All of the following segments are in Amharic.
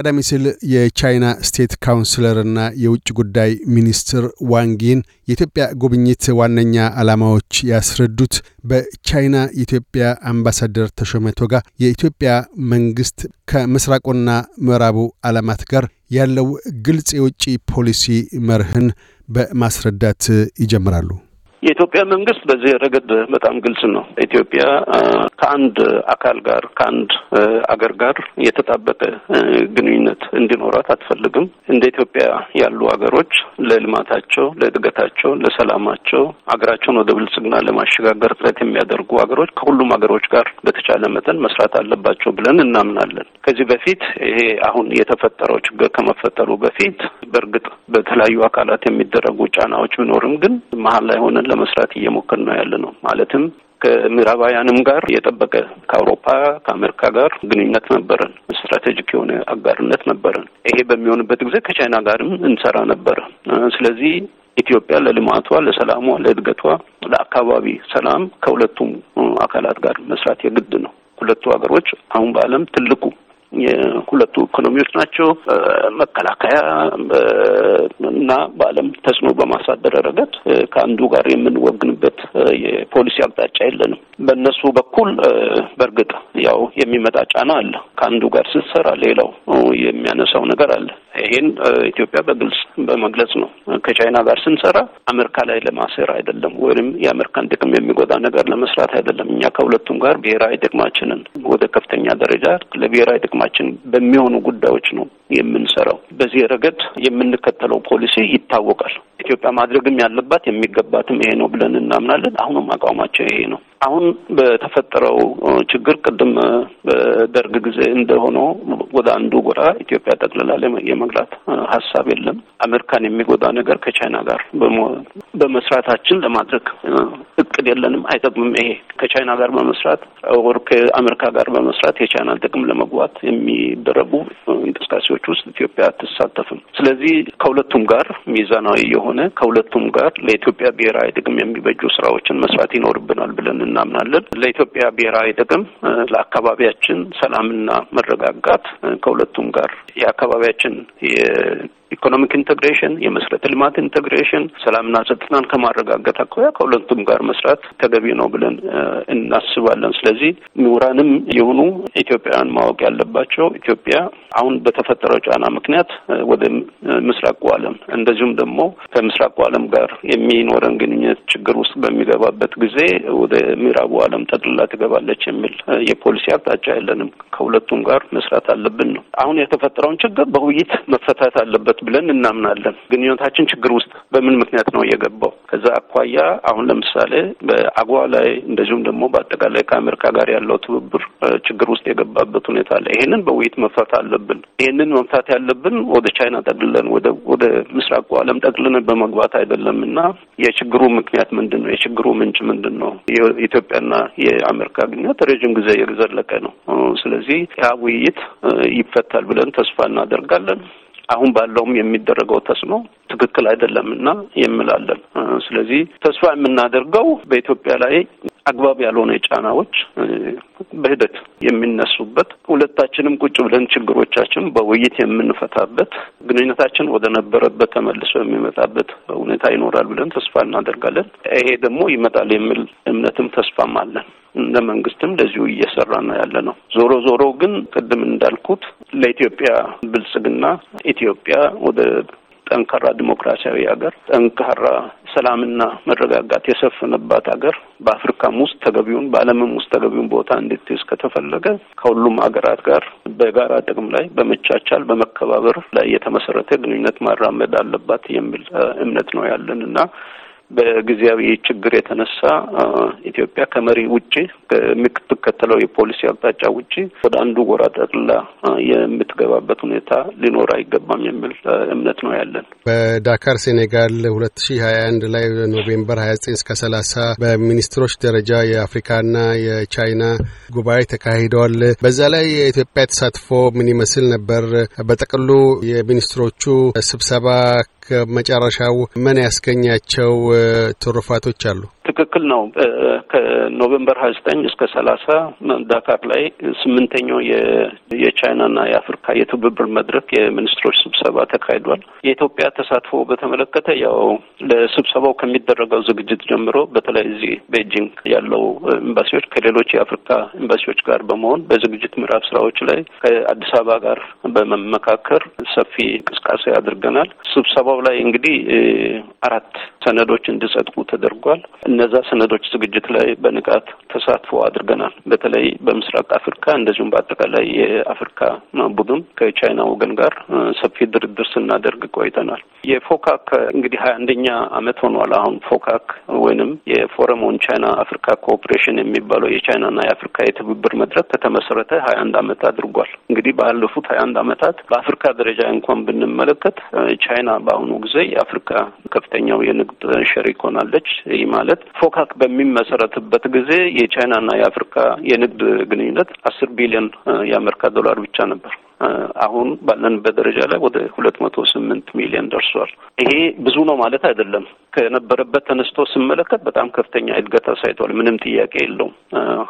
ቀደም ሲል የቻይና ስቴት ካውንስለርና የውጭ ጉዳይ ሚኒስትር ዋንጊን የኢትዮጵያ ጉብኝት ዋነኛ ዓላማዎች ያስረዱት በቻይና የኢትዮጵያ አምባሳደር ተሾመቶ ጋር የኢትዮጵያ መንግስት ከምስራቁና ምዕራቡ ዓለማት ጋር ያለው ግልጽ የውጭ ፖሊሲ መርህን በማስረዳት ይጀምራሉ። የኢትዮጵያ መንግስት በዚህ ረገድ በጣም ግልጽ ነው። ኢትዮጵያ ከአንድ አካል ጋር ከአንድ አገር ጋር የተጣበቀ ግንኙነት እንዲኖራት አትፈልግም። እንደ ኢትዮጵያ ያሉ አገሮች ለልማታቸው፣ ለእድገታቸው፣ ለሰላማቸው አገራቸውን ወደ ብልጽግና ለማሸጋገር ጥረት የሚያደርጉ አገሮች ከሁሉም አገሮች ጋር በተቻለ መጠን መስራት አለባቸው ብለን እናምናለን። ከዚህ በፊት ይሄ አሁን የተፈጠረው ችግር ከመፈጠሩ በፊት በእርግጥ በተለያዩ አካላት የሚደረጉ ጫናዎች ቢኖርም ግን መሀል ላይ ሆነን ለመስራት እየሞከር ነው ያለ ነው። ማለትም ከምዕራባውያንም ጋር የጠበቀ ከአውሮፓ ከአሜሪካ ጋር ግንኙነት ነበረን። ስትራቴጂክ የሆነ አጋርነት ነበረን። ይሄ በሚሆንበት ጊዜ ከቻይና ጋርም እንሰራ ነበረ። ስለዚህ ኢትዮጵያ ለልማቷ፣ ለሰላሟ፣ ለእድገቷ፣ ለአካባቢ ሰላም ከሁለቱም አካላት ጋር መስራት የግድ ነው። ሁለቱ ሀገሮች አሁን በዓለም ትልቁ የሁለቱ ኢኮኖሚዎች ናቸው። መከላከያ እና በዓለም ተጽዕኖ በማሳደር ረገድ ከአንዱ ጋር የምንወግንበት የፖሊሲ አቅጣጫ የለንም። በእነሱ በኩል በእርግጥ ያው የሚመጣ ጫና አለ። ከአንዱ ጋር ስትሰራ ሌላው የሚያነሳው ነገር አለ። ይሄን ኢትዮጵያ በግልጽ በመግለጽ ነው። ከቻይና ጋር ስንሰራ አሜሪካ ላይ ለማሴር አይደለም፣ ወይም የአሜሪካን ጥቅም የሚጎዳ ነገር ለመስራት አይደለም። እኛ ከሁለቱም ጋር ብሔራዊ ጥቅማችንን ወደ ከፍተኛ ደረጃ ለብሔራዊ ጥቅማችን በሚሆኑ ጉዳዮች ነው የምንሰራው። በዚህ ረገድ የምንከተለው ፖሊሲ ይታወቃል። ኢትዮጵያ ማድረግም ያለባት የሚገባትም ይሄ ነው ብለን እናምናለን። አሁንም አቋማቸው ይሄ ነው። አሁን በተፈጠረው ችግር ቅድም በደርግ ጊዜ እንደሆነ ወደ አንዱ ጎራ ኢትዮጵያ ጠቅልላ የመግላት ሀሳብ የለም። አሜሪካን የሚጎዳ ነገር ከቻይና ጋር በመስራታችን ለማድረግ እቅድ የለንም። አይጠቅምም። ይሄ ከቻይና ጋር በመስራት ወር ከአሜሪካ ጋር በመስራት የቻይናን ጥቅም ለመግባት የሚደረጉ እንቅስቃሴዎች ውስጥ ኢትዮጵያ አትሳተፍም። ስለዚህ ከሁለቱም ጋር ሚዛናዊ የሆነ ከሁለቱም ጋር ለኢትዮጵያ ብሔራዊ ጥቅም የሚበጁ ስራዎችን መስራት ይኖርብናል ብለን እናምናለን። ለኢትዮጵያ ብሔራዊ ጥቅም፣ ለአካባቢያችን ሰላምና መረጋጋት ከሁለቱም ጋር የአካባቢያችን ኢኮኖሚክ ኢንቴግሬሽን፣ የመሰረተ ልማት ኢንቴግሬሽን፣ ሰላምና ጸጥታን ከማረጋገጥ አኳያ ከሁለቱም ጋር መስራት ተገቢ ነው ብለን እናስባለን። ስለዚህ ምሁራንም የሆኑ ኢትዮጵያውያን ማወቅ ያለባቸው ኢትዮጵያ አሁን በተፈጠረው ጫና ምክንያት ወደ ምስራቁ ዓለም እንደዚሁም ደግሞ ከምስራቁ ዓለም ጋር የሚኖረን ግንኙነት ችግር ውስጥ በሚገባበት ጊዜ ወደ ምዕራቡ ዓለም ጠቅልላ ትገባለች የሚል የፖሊሲ አቅጣጫ የለንም። ከሁለቱም ጋር መስራት አለብን ነው። አሁን የተፈጠረውን ችግር በውይይት መፈታት አለበት ብለን እናምናለን። ግንኙነታችን ችግር ውስጥ በምን ምክንያት ነው የገባው? ከዛ አኳያ አሁን ለምሳሌ በአጓ ላይ እንደዚሁም ደግሞ በአጠቃላይ ከአሜሪካ ጋር ያለው ትብብር ችግር ውስጥ የገባበት ሁኔታ አለ። ይሄንን በውይይት መፍታት አለብን። ይሄንን መፍታት ያለብን ወደ ቻይና ጠቅልለን ወደ ወደ ምስራቁ ዓለም ጠቅልለን በመግባት አይደለም እና የችግሩ ምክንያት ምንድን ነው? የችግሩ ምንጭ ምንድን ነው? የኢትዮጵያና የአሜሪካ ግንኙነት ረዥም ጊዜ የዘለቀ ነው። ስለዚህ ያ ውይይት ይፈታል ብለን ተስፋ እናደርጋለን። አሁን ባለውም የሚደረገው ተጽዕኖ ትክክል አይደለም እና የምላለን። ስለዚህ ተስፋ የምናደርገው በኢትዮጵያ ላይ አግባብ ያልሆነ ጫናዎች በሂደት የሚነሱበት ሁለታችንም ቁጭ ብለን ችግሮቻችን በውይይት የምንፈታበት ግንኙነታችን ወደ ነበረበት ተመልሶ የሚመጣበት ሁኔታ ይኖራል ብለን ተስፋ እናደርጋለን። ይሄ ደግሞ ይመጣል የሚል እምነትም ተስፋም አለን። እንደ መንግስትም ለዚሁ እየሰራ ነው ያለ ነው። ዞሮ ዞሮ ግን ቅድም እንዳልኩት ለኢትዮጵያ ብልጽግና ኢትዮጵያ ወደ ጠንካራ ዲሞክራሲያዊ ሀገር፣ ጠንካራ ሰላምና መረጋጋት የሰፈነባት ሀገር በአፍሪካም ውስጥ ተገቢውን በዓለምም ውስጥ ተገቢውን ቦታ እንድትይዝ ከተፈለገ ከሁሉም ሀገራት ጋር በጋራ ጥቅም ላይ በመቻቻል በመከባበር ላይ የተመሰረተ ግንኙነት ማራመድ አለባት የሚል እምነት ነው ያለን እና በጊዜያዊ ችግር የተነሳ ኢትዮጵያ ከመሪ ውጭ ከምትከተለው የፖሊሲ አቅጣጫ ውጪ ወደ አንዱ ጎራ የምትገባበት ሁኔታ ሊኖር አይገባም የሚል እምነት ነው ያለን። በዳካር ሴኔጋል ሁለት ሺ ሀያ አንድ ላይ ኖቬምበር ሀያ ዘጠኝ እስከ ሰላሳ በሚኒስትሮች ደረጃ የአፍሪካና የቻይና ጉባኤ ተካሂደዋል። በዛ ላይ የኢትዮጵያ ተሳትፎ ምን ይመስል ነበር? በጠቅሉ የሚኒስትሮቹ ስብሰባ ከመጨረሻው ምን ያስገኛቸው ትሩፋቶች አሉ? ትክክል ነው። ከኖቬምበር ሀያ ዘጠኝ እስከ ሰላሳ ዳካር ላይ ስምንተኛው የቻይናና የአፍሪካ የትብብር መድረክ የሚኒስትሮች ስብሰባ ተካሂዷል። የኢትዮጵያ ተሳትፎ በተመለከተ ያው ለስብሰባው ከሚደረገው ዝግጅት ጀምሮ በተለይ እዚህ ቤጂንግ ያለው ኤምባሲዎች ከሌሎች የአፍሪካ ኤምባሲዎች ጋር በመሆን በዝግጅት ምዕራፍ ስራዎች ላይ ከአዲስ አበባ ጋር በመመካከር ሰፊ እንቅስቃሴ አድርገናል። ስብሰባው ስብሰባው ላይ እንግዲህ አራት ሰነዶች እንዲጸድቁ ተደርጓል። እነዛ ሰነዶች ዝግጅት ላይ በንቃት ተሳትፎ አድርገናል። በተለይ በምስራቅ አፍሪካ እንደዚሁም በአጠቃላይ የአፍሪካ ቡድን ከቻይና ወገን ጋር ሰፊ ድርድር ስናደርግ ቆይተናል። የፎካክ እንግዲህ ሀያ አንደኛ አመት ሆኗል። አሁን ፎካክ ወይንም የፎረም ኦን ቻይና አፍሪካ ኮኦፕሬሽን የሚባለው የቻይናና የአፍሪካ የትብብር መድረክ ከተመሰረተ ሀያ አንድ አመት አድርጓል። እንግዲህ ባለፉት ሀያ አንድ ዓመታት በአፍሪካ ደረጃ እንኳን ብንመለከት ቻይና በአሁኑ በአሁኑ ጊዜ የአፍሪካ ከፍተኛው የንግድ ሸሪክ ሆናለች። ይህ ማለት ፎካክ በሚመሰረትበት ጊዜ የቻይናና የአፍሪካ የንግድ ግንኙነት አስር ቢሊዮን የአሜሪካ ዶላር ብቻ ነበር። አሁን ባለንበት ደረጃ ላይ ወደ ሁለት መቶ ስምንት ሚሊዮን ደርሷል። ይሄ ብዙ ነው ማለት አይደለም። ከነበረበት ተነስቶ ስመለከት በጣም ከፍተኛ እድገት አሳይቷል። ምንም ጥያቄ የለውም።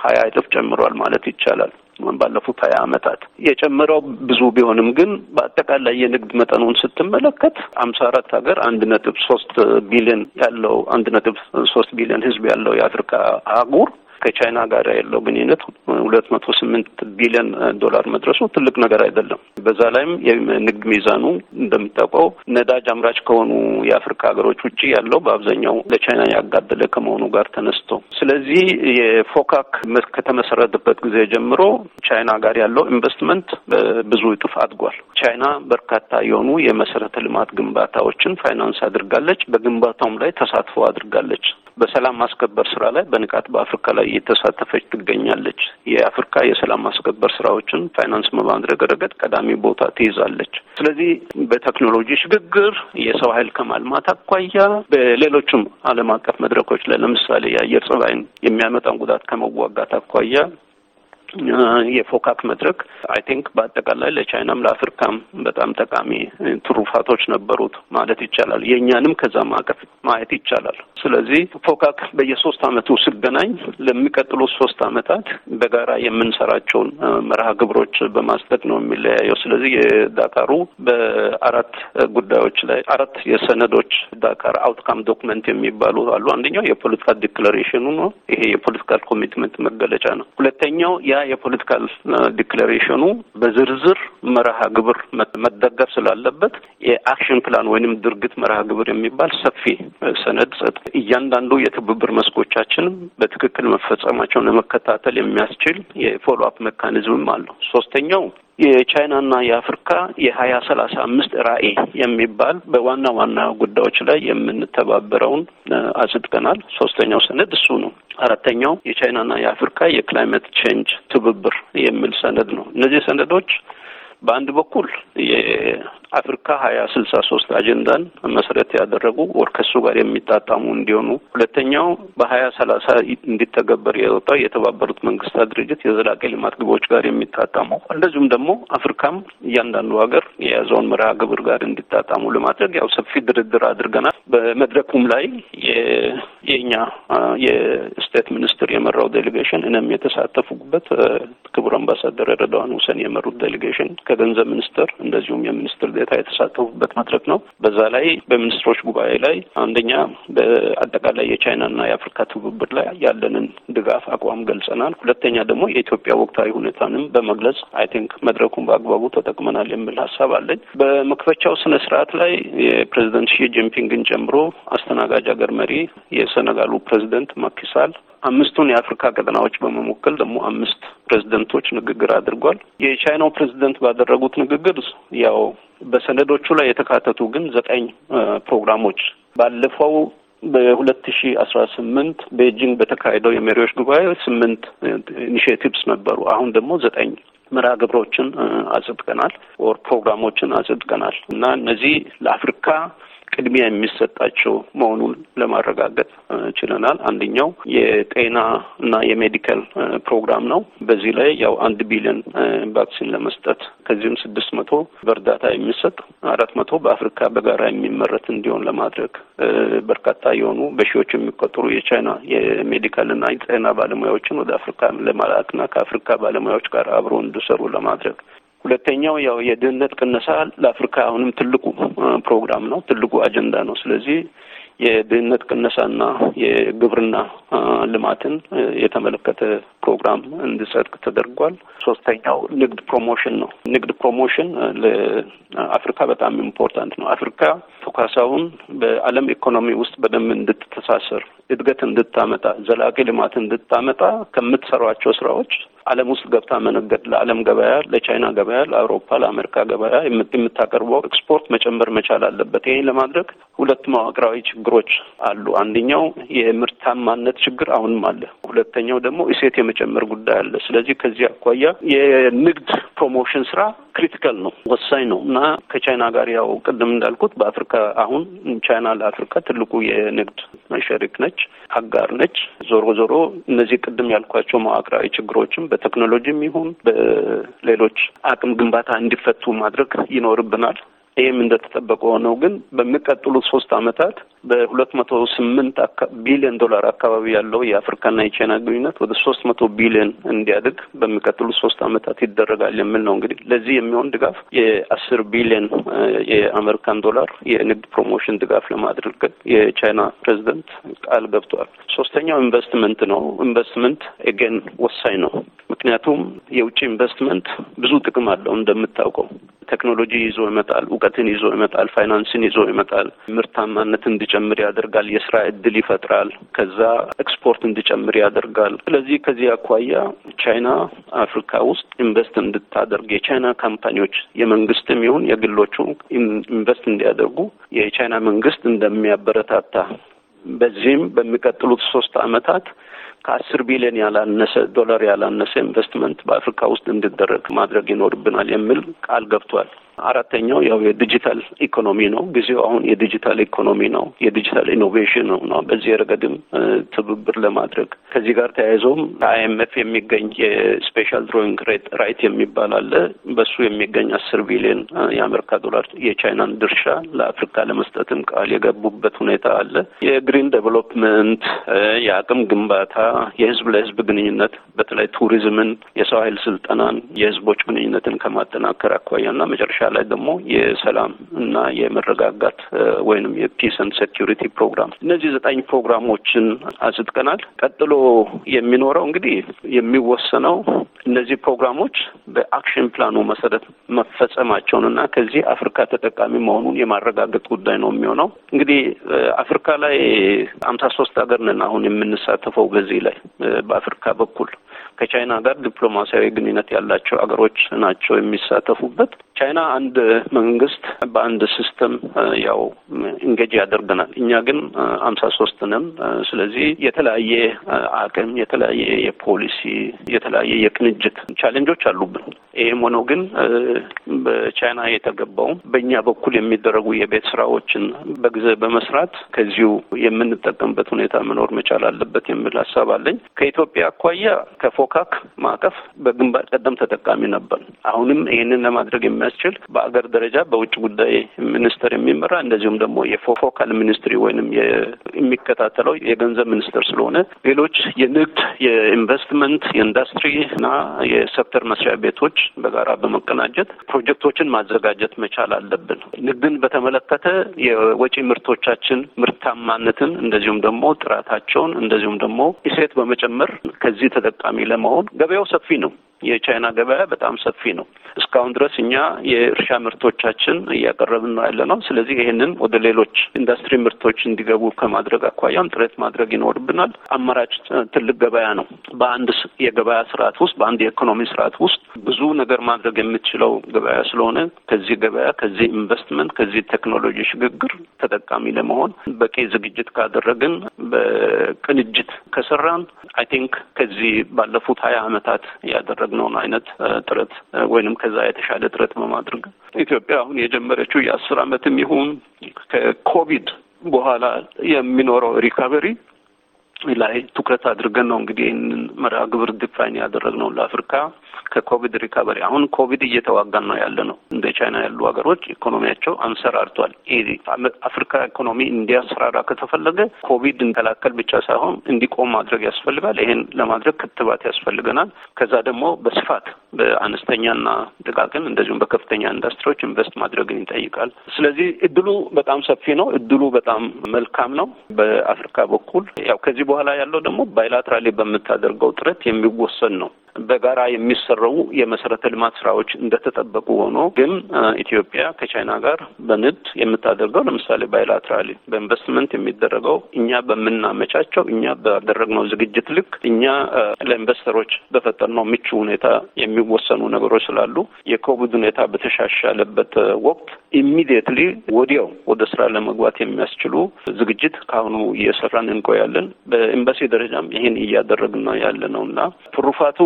ሀያ እጥፍ ጨምሯል ማለት ይቻላል። ባለፉት ሀያ አመታት የጨመረው ብዙ ቢሆንም ግን በአጠቃላይ የንግድ መጠኑን ስትመለከት አምሳ አራት ሀገር አንድ ነጥብ ሶስት ቢሊዮን ያለው አንድ ነጥብ ሶስት ቢሊዮን ህዝብ ያለው የአፍሪካ አህጉር ከቻይና ጋር ያለው ግንኙነት ሁለት መቶ ስምንት ቢሊዮን ዶላር መድረሱ ትልቅ ነገር አይደለም። በዛ ላይም የንግድ ሚዛኑ እንደሚታውቀው ነዳጅ አምራች ከሆኑ የአፍሪካ ሀገሮች ውጭ ያለው በአብዛኛው ለቻይና ያጋደለ ከመሆኑ ጋር ተነስቶ ስለዚህ የፎካክ ከተመሰረተበት ጊዜ ጀምሮ ቻይና ጋር ያለው ኢንቨስትመንት በብዙ እጥፍ አድጓል። ቻይና በርካታ የሆኑ የመሰረተ ልማት ግንባታዎችን ፋይናንስ አድርጋለች። በግንባታውም ላይ ተሳትፎ አድርጋለች። በሰላም ማስከበር ስራ ላይ በንቃት በአፍሪካ ላይ እየተሳተፈች ትገኛለች። የአፍሪካ የሰላም ማስከበር ስራዎችን ፋይናንስ በማድረግ ረገድ ቀዳሚ ቦታ ትይዛለች። ስለዚህ በቴክኖሎጂ ሽግግር፣ የሰው ኃይል ከማልማት አኳያ በሌሎችም ዓለም አቀፍ መድረኮች ላይ ለምሳሌ የአየር ጸባይን የሚያመጣን ጉዳት ከመዋጋት አኳያ የፎካክ መድረክ አይ ቲንክ በአጠቃላይ ለቻይናም ለአፍሪካም በጣም ጠቃሚ ትሩፋቶች ነበሩት ማለት ይቻላል። የእኛንም ከዛ ማዕቀፍ ማየት ይቻላል። ስለዚህ ፎካክ በየሶስት አመቱ ስገናኝ ለሚቀጥሉት ሶስት አመታት በጋራ የምንሰራቸውን መርሃ ግብሮች በማስጠት ነው የሚለያየው። ስለዚህ የዳካሩ በአራት ጉዳዮች ላይ አራት የሰነዶች ዳካር አውትካም ዶክመንት የሚባሉ አሉ። አንደኛው የፖለቲካል ዲክላሬሽኑ ነው። ይሄ የፖለቲካል ኮሚትመንት መገለጫ ነው። ሁለተኛው ያ የፖለቲካል ዲክላሬሽኑ በዝርዝር መርሃ ግብር መደገፍ ስላለበት የአክሽን ፕላን ወይንም ድርግት መርሃ ግብር የሚባል ሰፊ ሰነድ ጸጥ እያንዳንዱ የትብብር መስኮቻችን በትክክል መፈጸማቸውን ለመከታተል የሚያስችል የፎሎ አፕ አለው። ሶስተኛው የቻይናና የአፍሪካ የሀያ ሰላሳ አምስት ራዕይ የሚባል በዋና ዋና ጉዳዮች ላይ የምንተባበረውን አጽድቀናል። ሶስተኛው ሰነድ እሱ ነው። አራተኛው የቻይናና የአፍሪካ የክላይሜት ቼንጅ ትብብር የሚል ሰነድ ነው። እነዚህ ሰነዶች በአንድ በኩል አፍሪካ ሀያ ስልሳ ሶስት አጀንዳን መሰረት ያደረጉ ወር ከሱ ጋር የሚጣጣሙ እንዲሆኑ፣ ሁለተኛው በሀያ ሰላሳ እንዲተገበር የወጣው የተባበሩት መንግስታት ድርጅት የዘላቂ ልማት ግቦች ጋር የሚጣጣሙ እንደዚሁም ደግሞ አፍሪካም እያንዳንዱ ሀገር የያዘውን መርሃ ግብር ጋር እንዲጣጣሙ ለማድረግ ያው ሰፊ ድርድር አድርገናል። በመድረኩም ላይ የእኛ የስቴት ሚኒስትር የመራው ዴሊጌሽን እነም የተሳተፉበት ክቡር አምባሳደር ረዳዋን ሁሴን የመሩት ዴሊጌሽን ከገንዘብ ሚኒስትር እንደዚሁም የሚኒስትር ጋዜጣ የተሳተፉበት መድረክ ነው። በዛ ላይ በሚኒስትሮች ጉባኤ ላይ አንደኛ በአጠቃላይ የቻይናና የአፍሪካ ትብብር ላይ ያለንን ድጋፍ አቋም ገልጸናል። ሁለተኛ ደግሞ የኢትዮጵያ ወቅታዊ ሁኔታንም በመግለጽ አይ ቲንክ መድረኩን በአግባቡ ተጠቅመናል የሚል ሀሳብ አለኝ። በመክፈቻው ስነ ስርዓት ላይ የፕሬዚደንት ሺ ጂንፒንግን ጨምሮ አስተናጋጅ ሀገር መሪ የሰነጋሉ ፕሬዚደንት ማኪሳል አምስቱን የአፍሪካ ቀጠናዎች በመሞከል ደግሞ አምስት ፕሬዝደንቶች ንግግር አድርጓል። የቻይናው ፕሬዝደንት ባደረጉት ንግግር ያው በሰነዶቹ ላይ የተካተቱ ግን ዘጠኝ ፕሮግራሞች ባለፈው በሁለት ሺ አስራ ስምንት ቤጂንግ በተካሄደው የመሪዎች ጉባኤ ስምንት ኢኒሽቲቭስ ነበሩ። አሁን ደግሞ ዘጠኝ መርሃ ግብሮችን አጽድቀናል፣ ወር ፕሮግራሞችን አጽድቀናል እና እነዚህ ለአፍሪካ ቅድሚያ የሚሰጣቸው መሆኑን ለማረጋገጥ ችለናል። አንደኛው የጤና እና የሜዲካል ፕሮግራም ነው። በዚህ ላይ ያው አንድ ቢሊዮን ቫክሲን ለመስጠት ከዚህም ስድስት መቶ በእርዳታ የሚሰጥ አራት መቶ በአፍሪካ በጋራ የሚመረት እንዲሆን ለማድረግ በርካታ የሆኑ በሺዎች የሚቆጠሩ የቻይና የሜዲካል እና የጤና ባለሙያዎችን ወደ አፍሪካ ለማላክና ከአፍሪካ ባለሙያዎች ጋር አብሮ እንዲሰሩ ለማድረግ ሁለተኛው ያው የድህነት ቅነሳ ለአፍሪካ አሁንም ትልቁ ፕሮግራም ነው፣ ትልቁ አጀንዳ ነው። ስለዚህ የድህነት ቅነሳና የግብርና ልማትን የተመለከተ ፕሮግራም እንዲጸድቅ ተደርጓል። ሶስተኛው ንግድ ፕሮሞሽን ነው። ንግድ ፕሮሞሽን ለአፍሪካ በጣም ኢምፖርታንት ነው። አፍሪካ ተኳሳውን በዓለም ኢኮኖሚ ውስጥ በደንብ እንድትተሳሰር፣ እድገት እንድታመጣ፣ ዘላቂ ልማት እንድታመጣ ከምትሰሯቸው ስራዎች ዓለም ውስጥ ገብታ መነገድ ለዓለም ገበያ፣ ለቻይና ገበያ፣ ለአውሮፓ፣ ለአሜሪካ ገበያ የምታቀርበው ኤክስፖርት መጨመር መቻል አለበት። ይህን ለማድረግ ሁለት መዋቅራዊ ችግሮች አሉ። አንደኛው የምርታማነት ችግር አሁንም አለ። ሁለተኛው ደግሞ እሴት የመጨመር ጉዳይ አለ። ስለዚህ ከዚህ አኳያ የንግድ ፕሮሞሽን ስራ ክሪቲካል ነው፣ ወሳኝ ነው እና ከቻይና ጋር ያው ቅድም እንዳልኩት በአፍሪካ አሁን ቻይና ለአፍሪካ ትልቁ የንግድ ሸሪክ ነች፣ አጋር ነች። ዞሮ ዞሮ እነዚህ ቅድም ያልኳቸው መዋቅራዊ ችግሮችም በቴክኖሎጂም ይሁን በሌሎች አቅም ግንባታ እንዲፈቱ ማድረግ ይኖርብናል። ይህም እንደተጠበቀ ሆነው ግን በሚቀጥሉት ሶስት አመታት በሁለት መቶ ስምንት ቢሊዮን ዶላር አካባቢ ያለው የአፍሪካና የቻይና ግንኙነት ወደ ሶስት መቶ ቢሊዮን እንዲያድግ በሚቀጥሉት ሶስት አመታት ይደረጋል የሚል ነው። እንግዲህ ለዚህ የሚሆን ድጋፍ የአስር ቢሊዮን የአሜሪካን ዶላር የንግድ ፕሮሞሽን ድጋፍ ለማድረግ የቻይና ፕሬዚደንት ቃል ገብተዋል። ሶስተኛው ኢንቨስትመንት ነው። ኢንቨስትመንት ኤገን ወሳኝ ነው። ምክንያቱም የውጭ ኢንቨስትመንት ብዙ ጥቅም አለው እንደምታውቀው ቴክኖሎጂ ይዞ ይመጣል፣ እውቀትን ይዞ ይመጣል፣ ፋይናንስን ይዞ ይመጣል። ምርታማነት እንዲጨምር ያደርጋል፣ የስራ እድል ይፈጥራል፣ ከዛ ኤክስፖርት እንዲጨምር ያደርጋል። ስለዚህ ከዚህ አኳያ ቻይና አፍሪካ ውስጥ ኢንቨስት እንድታደርግ የቻይና ካምፓኒዎች የመንግስትም ይሁን የግሎቹ ኢንቨስት እንዲያደርጉ የቻይና መንግስት እንደሚያበረታታ በዚህም በሚቀጥሉት ሶስት አመታት ከአስር ቢሊዮን ያላነሰ ዶላር ያላነሰ ኢንቨስትመንት በአፍሪካ ውስጥ እንዲደረግ ማድረግ ይኖርብናል የሚል ቃል ገብቷል። አራተኛው ያው የዲጂታል ኢኮኖሚ ነው። ጊዜው አሁን የዲጂታል ኢኮኖሚ ነው፣ የዲጂታል ኢኖቬሽን ነው። በዚህ ረገድም ትብብር ለማድረግ ከዚህ ጋር ተያይዞም አይኤምኤፍ የሚገኝ የስፔሻል ድሮዊንግ ሬት ራይት የሚባል አለ። በሱ የሚገኝ አስር ቢሊዮን የአሜሪካ ዶላር የቻይናን ድርሻ ለአፍሪካ ለመስጠትም ቃል የገቡበት ሁኔታ አለ። የግሪን ዴቨሎፕመንት፣ የአቅም ግንባታ፣ የህዝብ ለህዝብ ግንኙነት በተለይ ቱሪዝምን፣ የሰው ኃይል ስልጠናን፣ የህዝቦች ግንኙነትን ከማጠናከር አኳያና መጨረሻ ላይ ደግሞ የሰላም እና የመረጋጋት ወይንም የፒስ ኤንድ ሴኪሪቲ ፕሮግራም እነዚህ ዘጠኝ ፕሮግራሞችን አስጥቀናል ቀጥሎ የሚኖረው እንግዲህ የሚወሰነው እነዚህ ፕሮግራሞች በአክሽን ፕላኑ መሰረት እና ከዚህ አፍሪካ ተጠቃሚ መሆኑን የማረጋገጥ ጉዳይ ነው የሚሆነው። እንግዲህ አፍሪካ ላይ አምሳ ሶስት ሀገር ነን አሁን የምንሳተፈው በዚህ ላይ በአፍሪካ በኩል ከቻይና ጋር ዲፕሎማሲያዊ ግንኙነት ያላቸው አገሮች ናቸው የሚሳተፉበት። ቻይና አንድ መንግስት በአንድ ሲስተም ያው እንገጅ ያደርገናል። እኛ ግን አምሳ ሶስት ነን። ስለዚህ የተለያየ አቅም፣ የተለያየ የፖሊሲ፣ የተለያየ የቅንጅት ቻሌንጆች አሉብን። ይህም ሆኖ ግን በቻይና የተገባው በእኛ በኩል የሚደረጉ የቤት ስራዎችን በጊዜ በመስራት ከዚሁ የምንጠቀምበት ሁኔታ መኖር መቻል አለበት የሚል ሀሳብ አለኝ። ከኢትዮጵያ አኳያ ከፎካክ ማዕቀፍ በግንባር ቀደም ተጠቃሚ ነበር። አሁንም ይህንን ለማድረግ የሚያስችል በአገር ደረጃ በውጭ ጉዳይ ሚኒስቴር የሚመራ እንደዚሁም ደግሞ የፎካል ሚኒስትሪ ወይንም የሚከታተለው የገንዘብ ሚኒስቴር ስለሆነ ሌሎች የንግድ፣ የኢንቨስትመንት፣ የኢንዱስትሪ እና የሴክተር መስሪያ ቤቶች በጋራ በመቀናጀት ፕሮጀክቶችን ማዘጋጀት መቻል አለብን። ንግድን በተመለከተ የወጪ ምርቶቻችን ምርታማነትን እንደዚሁም ደግሞ ጥራታቸውን እንደዚሁም ደግሞ እሴት በመጨመር ከዚህ ተጠቃሚ ለመሆን ገበያው ሰፊ ነው። የቻይና ገበያ በጣም ሰፊ ነው። እስካሁን ድረስ እኛ የእርሻ ምርቶቻችን እያቀረብን ነው ያለ ነው። ስለዚህ ይህንን ወደ ሌሎች ኢንዱስትሪ ምርቶች እንዲገቡ ከማድረግ አኳያም ጥረት ማድረግ ይኖርብናል። አማራጭ ትልቅ ገበያ ነው። በአንድ የገበያ ስርዓት ውስጥ በአንድ የኢኮኖሚ ስርዓት ውስጥ ብዙ ነገር ማድረግ የምትችለው ገበያ ስለሆነ ከዚህ ገበያ፣ ከዚህ ኢንቨስትመንት፣ ከዚህ ቴክኖሎጂ ሽግግር ተጠቃሚ ለመሆን በቂ ዝግጅት ካደረግን፣ በቅንጅት ከሰራን አይ ቲንክ ከዚህ ባለፉት ሀያ አመታት ያደረግ ያቀድነውን አይነት ጥረት ወይንም ከዛ የተሻለ ጥረት በማድረግ ኢትዮጵያ አሁን የጀመረችው የአስር ዓመትም ይሁን ከኮቪድ በኋላ የሚኖረው ሪካቨሪ ላይ ትኩረት አድርገን ነው እንግዲህ ይህንን መርሃ ግብር ዲፋይን ያደረግነው ለአፍሪካ ከኮቪድ ሪካቨሪ አሁን ኮቪድ እየተዋጋን ነው ያለ ነው። እንደ ቻይና ያሉ ሀገሮች ኢኮኖሚያቸው አንሰራርቷል። አፍሪካ ኢኮኖሚ እንዲያሰራራ ከተፈለገ ኮቪድ እንከላከል ብቻ ሳይሆን እንዲቆም ማድረግ ያስፈልጋል። ይሄን ለማድረግ ክትባት ያስፈልገናል። ከዛ ደግሞ በስፋት በአነስተኛና ጥቃቅን እንደዚሁም በከፍተኛ ኢንዱስትሪዎች ኢንቨስት ማድረግን ይጠይቃል። ስለዚህ እድሉ በጣም ሰፊ ነው። እድሉ በጣም መልካም ነው በአፍሪካ በኩል ያው ከዚህ በኋላ ያለው ደግሞ ባይላትራሊ በምታደርገው ጥረት የሚወሰን ነው። በጋራ የሚሰረው የመሰረተ ልማት ስራዎች እንደተጠበቁ ሆኖ ግን ኢትዮጵያ ከቻይና ጋር በንግድ የምታደርገው ለምሳሌ ባይላትራሊ በኢንቨስትመንት የሚደረገው እኛ በምናመቻቸው እኛ ባደረግነው ዝግጅት ልክ እኛ ለኢንቨስተሮች በፈጠርነው ምቹ ሁኔታ የሚወሰኑ ነገሮች ስላሉ የኮቪድ ሁኔታ በተሻሻለበት ወቅት ኢሚዲየትሊ ወዲያው ወደ ስራ ለመግባት የሚያስችሉ ዝግጅት ከአሁኑ እየሰራን እንቆያለን። በኤምባሲ ደረጃም ይህን እያደረግን ያለ ነው እና ትሩፋቱ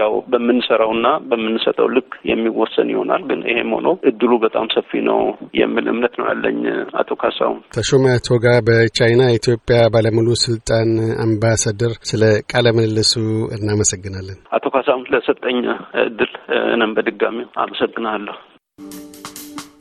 ያው በምንሰራውና በምንሰጠው ልክ የሚወሰን ይሆናል። ግን ይሄም ሆኖ እድሉ በጣም ሰፊ ነው የሚል እምነት ነው ያለኝ። አቶ ካሳሁን ተሾመ ቶጋ በቻይና ኢትዮጵያ ባለሙሉ ስልጣን አምባሳደር፣ ስለ ቃለ ምልልሱ እናመሰግናለን። አቶ ካሳሁን ለሰጠኝ እድል እኔም በድጋሚ አመሰግናለሁ።